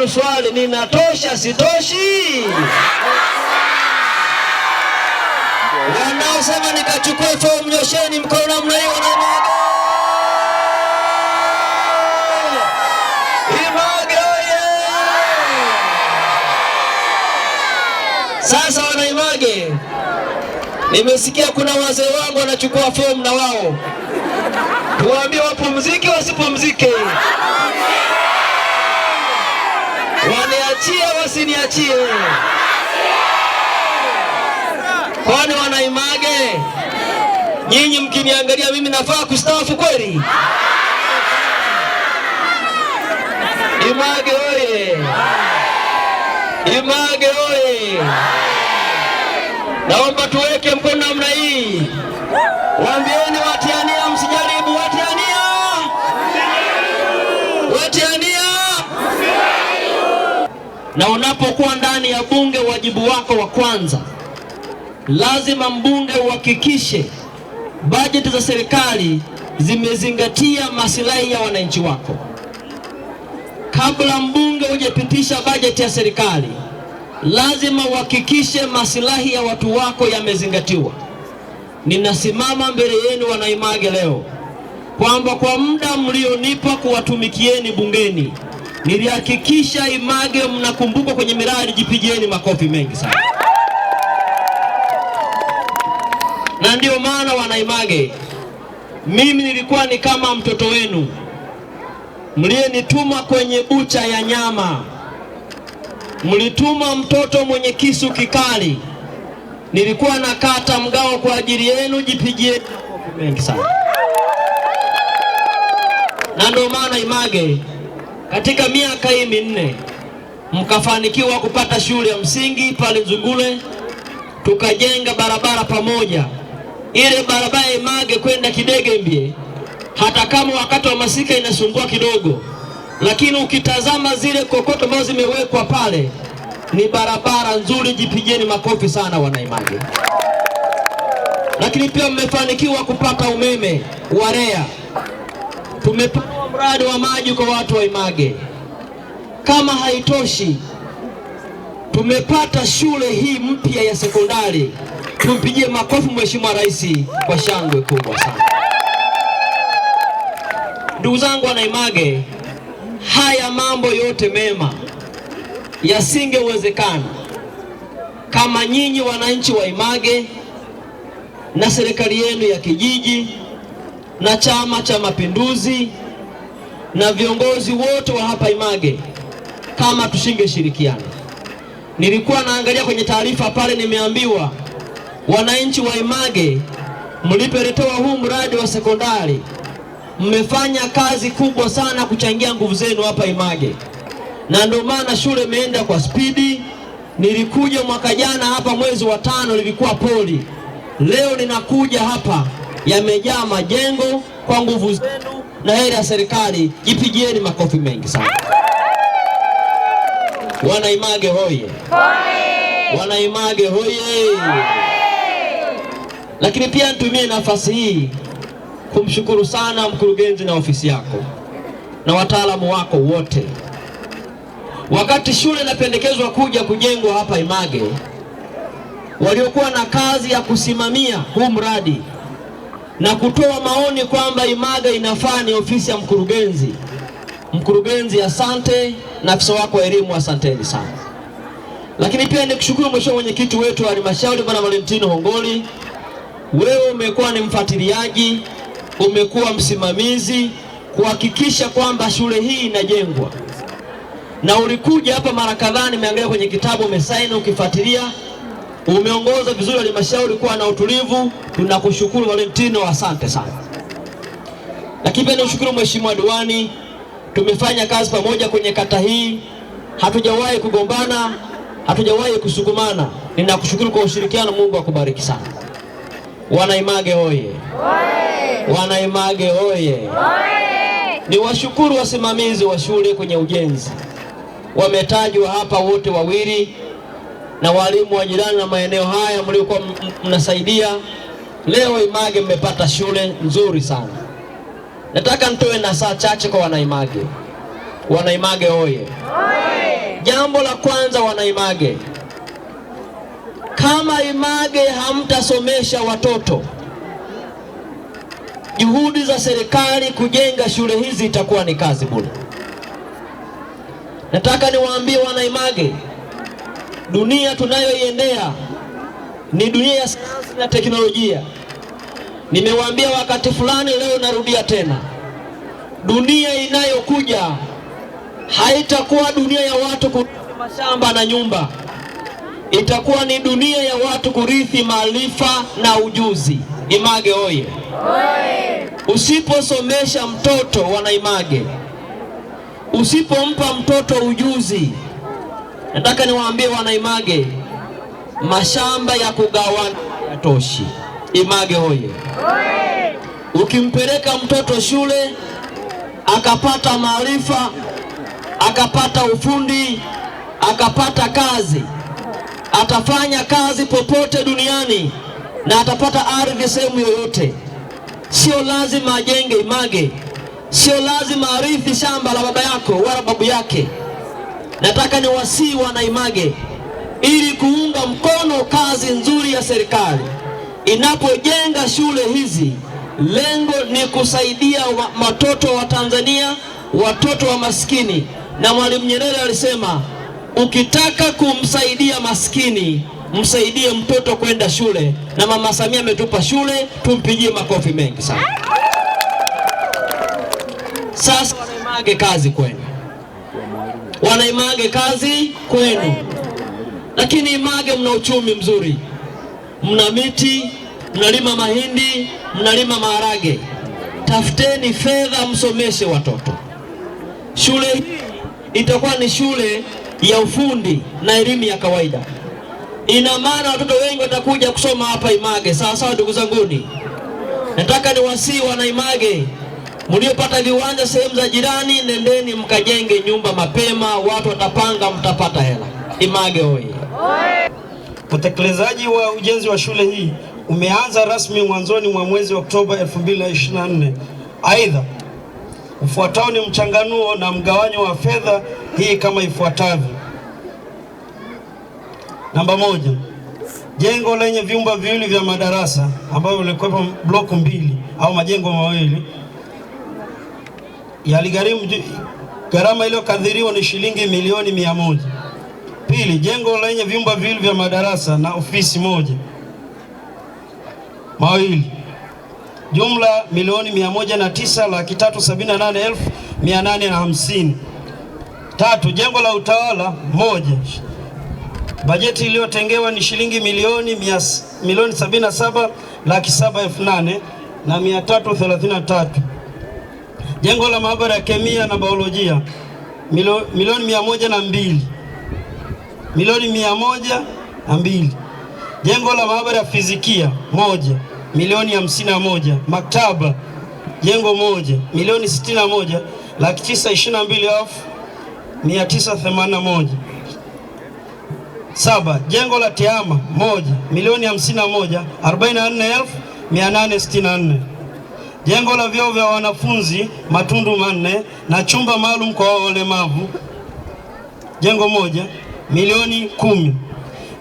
kwenu swali, ninatosha sitoshi? Wanaosema nikachukua fomu, nyosheni mkono mnaiona Sasa wanaimage, nimesikia kuna wazee wangu wanachukua fomu na wao, tuwaambie wapumzike wasipumzike? niachie wasiniachie, kwani wanaimage nyinyi, mkiniangalia mimi nafaa kustaafu kweli? Image oye! Image oye! Naomba tuweke mkono namna hii, waambieni watiani Na unapokuwa ndani ya bunge, wajibu wako wa kwanza, lazima mbunge uhakikishe bajeti za serikali zimezingatia masilahi ya wananchi wako. Kabla mbunge hujapitisha bajeti ya serikali, lazima uhakikishe masilahi ya watu wako yamezingatiwa. Ninasimama mbele yenu Wanaimage leo kwamba kwa muda mlionipa kuwatumikieni bungeni Nilihakikisha Image mnakumbuka kwenye miradi, jipigieni makofi mengi sana. Na ndio maana wana Image, mimi nilikuwa ni kama mtoto wenu mliyenituma kwenye bucha ya nyama. Mlituma mtoto mwenye kisu kikali, nilikuwa nakata mgao kwa ajili yenu, jipigieni makofi mengi sana. Na ndio maana Image katika miaka hii minne mkafanikiwa kupata shule ya msingi pale Nzungule, tukajenga barabara pamoja, ile barabara ya Image kwenda Kidegembye. Hata kama wakati wa masika inasumbua kidogo, lakini ukitazama zile kokoto ambazo zimewekwa pale, ni barabara nzuri. Jipigeni makofi sana wanaImage. Lakini pia mmefanikiwa kupata umeme wa REA tumepata mradi wa maji kwa watu wa Image. Kama haitoshi, tumepata shule hii mpya ya sekondari. Tumpigie makofi Mheshimiwa Rais kwa shangwe kubwa sana. Ndugu zangu wana Image, haya mambo yote mema yasingewezekana kama nyinyi wananchi wa Image na serikali yenu ya kijiji na Chama cha Mapinduzi na viongozi wote wa hapa Image kama tusingeshirikiana. Nilikuwa naangalia kwenye taarifa pale, nimeambiwa wananchi wa Image mlipoletewa huu mradi wa sekondari, mmefanya kazi kubwa sana kuchangia nguvu zenu hapa Image, na ndio maana shule imeenda kwa spidi. Nilikuja mwaka jana hapa mwezi wa tano, lilikuwa poli. Leo ninakuja hapa, yamejaa majengo kwa nguvu zenu na heri ya serikali, jipigieni makofi mengi sana. Wanaimage hoye, Wanaimage hoye! Lakini pia nitumie nafasi hii kumshukuru sana mkurugenzi na ofisi yako na wataalamu wako wote. Wakati shule inapendekezwa kuja kujengwa hapa Image, waliokuwa na kazi ya kusimamia huu mradi na kutoa maoni kwamba Imaga inafaa ni ofisi ya mkurugenzi. Mkurugenzi, asante na afisa wako wa elimu, asanteni sana. Lakini pia ni kushukuru mheshimiwa mwenyekiti wetu wa halmashauri bwana Valentino Hongoli, wewe umekuwa ni mfuatiliaji, umekuwa msimamizi kuhakikisha kwamba shule hii inajengwa, na ulikuja hapa mara kadhaa, nimeangalia kwenye kitabu umesaini, ukifuatilia Umeongoza vizuri halmashauri kuwa na utulivu. Tunakushukuru Valentino, asante sana. Lakini pia nishukuru mheshimiwa diwani, tumefanya kazi pamoja kwenye kata hii, hatujawahi kugombana, hatujawahi kusukumana. Ninakushukuru kwa ushirikiano, Mungu akubariki sana. Wanaimage oye! Wanaimage oye! Ni washukuru wasimamizi wa shule kwenye ujenzi, wametajwa hapa wote wawili na walimu wa jirani na maeneo haya mliokuwa mnasaidia. Leo Image mmepata shule nzuri sana. Nataka nitoe na saa chache kwa wanaImage. WanaImage oye! Jambo la kwanza, wanaImage, kama Image hamtasomesha watoto, juhudi za serikali kujenga shule hizi itakuwa ni kazi bure. Nataka niwaambie wanaImage Dunia tunayoiendea ni dunia ya sayansi na teknolojia. Nimewaambia wakati fulani, leo narudia tena, dunia inayokuja haitakuwa dunia ya watu kurithi mashamba na nyumba, itakuwa ni dunia ya watu kurithi maarifa na ujuzi. Image oye! Usiposomesha mtoto wanaimage, usipompa mtoto ujuzi Nataka niwaambie wana Image, mashamba ya kugawana yatoshi Image hoye! Ukimpeleka mtoto shule akapata maarifa, akapata ufundi, akapata kazi, atafanya kazi popote duniani na atapata ardhi sehemu yoyote. Sio lazima ajenge Image, sio lazima arithi shamba la baba yako wala babu yake. Nataka niwasihi Wanaimage ili kuunga mkono kazi nzuri ya serikali inapojenga shule hizi. Lengo ni kusaidia watoto wa Tanzania, watoto wa maskini, na Mwalimu Nyerere alisema ukitaka kumsaidia maskini msaidie mtoto kwenda shule, na Mama Samia ametupa shule, tumpigie makofi mengi sana. Sasa Wanaimage, kazi kwenu wanaimage kazi kwenu, lakini Image mna uchumi mzuri, mna miti, mnalima mahindi, mnalima maharage. Tafuteni fedha, msomeshe watoto. Shule hii itakuwa ni shule ya ufundi na elimu ya kawaida. Ina maana watoto wengi watakuja kusoma hapa Image. Sawa sawa, ndugu zanguni, nataka niwasii wana Image. Mliopata viwanja sehemu za jirani, nendeni mkajenge nyumba mapema, watu watapanga, mtapata hela. Image hoi. Utekelezaji wa ujenzi wa shule hii umeanza rasmi mwanzoni mwa mwezi Oktoba 2024. Aidha, ufuatao ni mchanganuo na mgawanyo wa fedha hii kama ifuatavyo. Namba moja, jengo lenye vyumba viwili vya madarasa ambavyo vilikuwepo bloku mbili au majengo mawili yaligharimu gharama iliyokadhiriwa ni shilingi milioni mia moja. Pili, jengo lenye vyumba viwili vya madarasa na ofisi moja mawili, jumla milioni mia moja na tisa laki tatu sabini na nane elfu mia nane na hamsini. Tatu, jengo la utawala moja, bajeti iliyotengewa ni shilingi milioni milioni sabini na saba laki saba elfu nane na mia tatu thelathini na tatu jengo la maabara ya kemia na biolojia milioni mia moja na mbili milioni mia moja na mbili jengo la maabara ya fizikia moja milioni hamsini na moja maktaba jengo moja milioni sitini na moja laki tisa ishirini na mbili elfu mia tisa themanini na moja saba jengo la tehama moja milioni hamsini na moja arobaini na nne elfu mia nane sitini na nne jengo la vyoo vya wanafunzi matundu manne na chumba maalum kwa walemavu jengo moja, milioni kumi.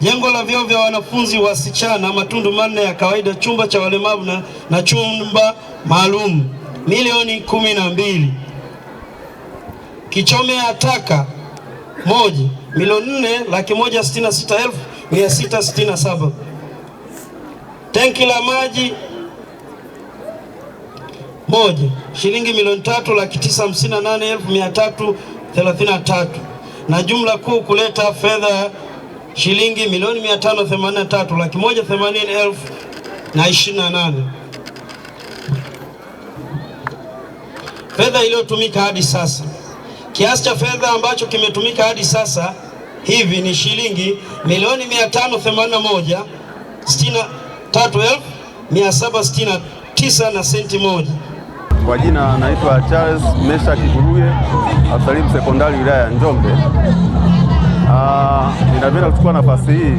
Jengo la vyoo vya wanafunzi wasichana matundu manne ya kawaida, chumba cha walemavu na, na chumba maalum milioni kumi na mbili. Kichomea taka moja, milioni nne laki moja sitini na sita elfu mia sita sitini na saba. Tenki la maji moja shilingi milioni tatu laki tisa hamsini na nane elfu mia tatu thelathini na tatu na jumla kuu kuleta fedha shilingi milioni mia tano themanini na tatu laki moja themanini elfu na ishirini na nane. Fedha iliyotumika hadi sasa, kiasi cha fedha ambacho kimetumika hadi sasa hivi ni shilingi milioni 581 sitini na tatu elfu mia saba sitini na tisa na senti moja. Kwa jina anaitwa Charles Mesha Kiguruye, asalimu Sekondari, wilaya ya Njombe. Ah, ninapenda kuchukua nafasi hii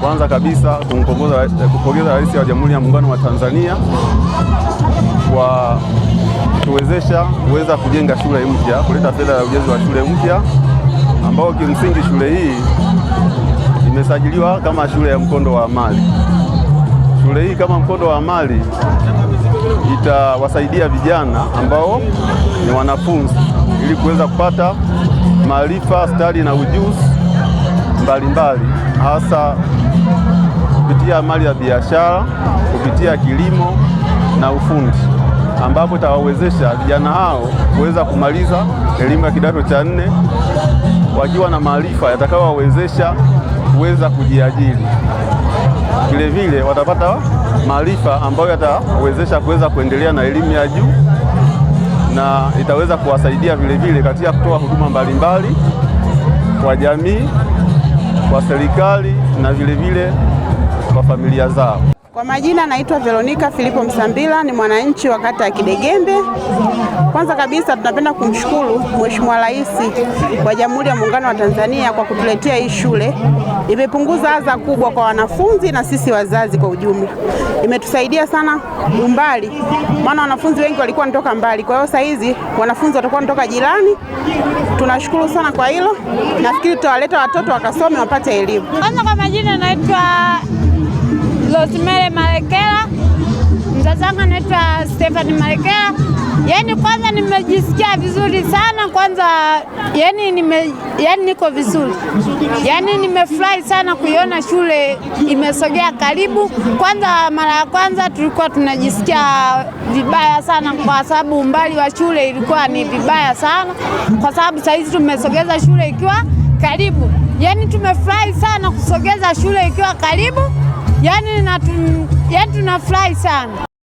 kwanza kabisa kumpongeza Rais wa Jamhuri ya Muungano wa Tanzania kwa kutuwezesha kuweza kujenga shule mpya, kuleta fedha ya ujenzi wa shule mpya ambayo kimsingi shule hii imesajiliwa kama shule ya mkondo wa amali. Shule hii kama mkondo wa amali itawasaidia vijana ambao ni wanafunzi ili kuweza kupata maarifa, stadi na ujuzi mbalimbali hasa kupitia mali ya biashara, kupitia kilimo na ufundi, ambapo itawawezesha vijana hao kuweza kumaliza elimu ya kidato cha nne wakiwa na maarifa yatakayowawezesha kuweza kujiajiri vilevile watapata maarifa ambayo yatawezesha kuweza kuendelea na elimu ya juu na itaweza kuwasaidia vilevile katika kutoa huduma mbalimbali kwa jamii, kwa serikali na vilevile kwa familia zao. Kwa majina naitwa Veronica Filipo Msambila, ni mwananchi wa kata ya Kidegembe. Kwanza kabisa tunapenda kumshukuru Mheshimiwa Rais wa Jamhuri ya Muungano wa Tanzania kwa kutuletea hii shule. Imepunguza adha kubwa kwa wanafunzi na sisi wazazi kwa ujumla. Imetusaidia sana umbali, maana wanafunzi wengi walikuwa wanatoka mbali, kwa hiyo sasa hizi wanafunzi watakuwa wanatoka jirani. Tunashukuru sana kwa hilo, nafikiri tutawaleta watoto wakasome wapate elimu. Kwanza kwa majina naitwa Rosemary marekela mzazi wangu anaitwa Stefani marekela yani kwanza nimejisikia vizuri sana kwanza, yaani nime, yaani niko vizuri, yani nimefurahi sana kuiona shule imesogea karibu. Kwanza mara ya kwanza tulikuwa tunajisikia vibaya sana, kwa sababu umbali wa shule ilikuwa ni vibaya sana, kwa sababu sahizi tumesogeza shule ikiwa karibu. yani tumefurahi sana kusogeza shule ikiwa karibu yani, yani tunafurahi sana.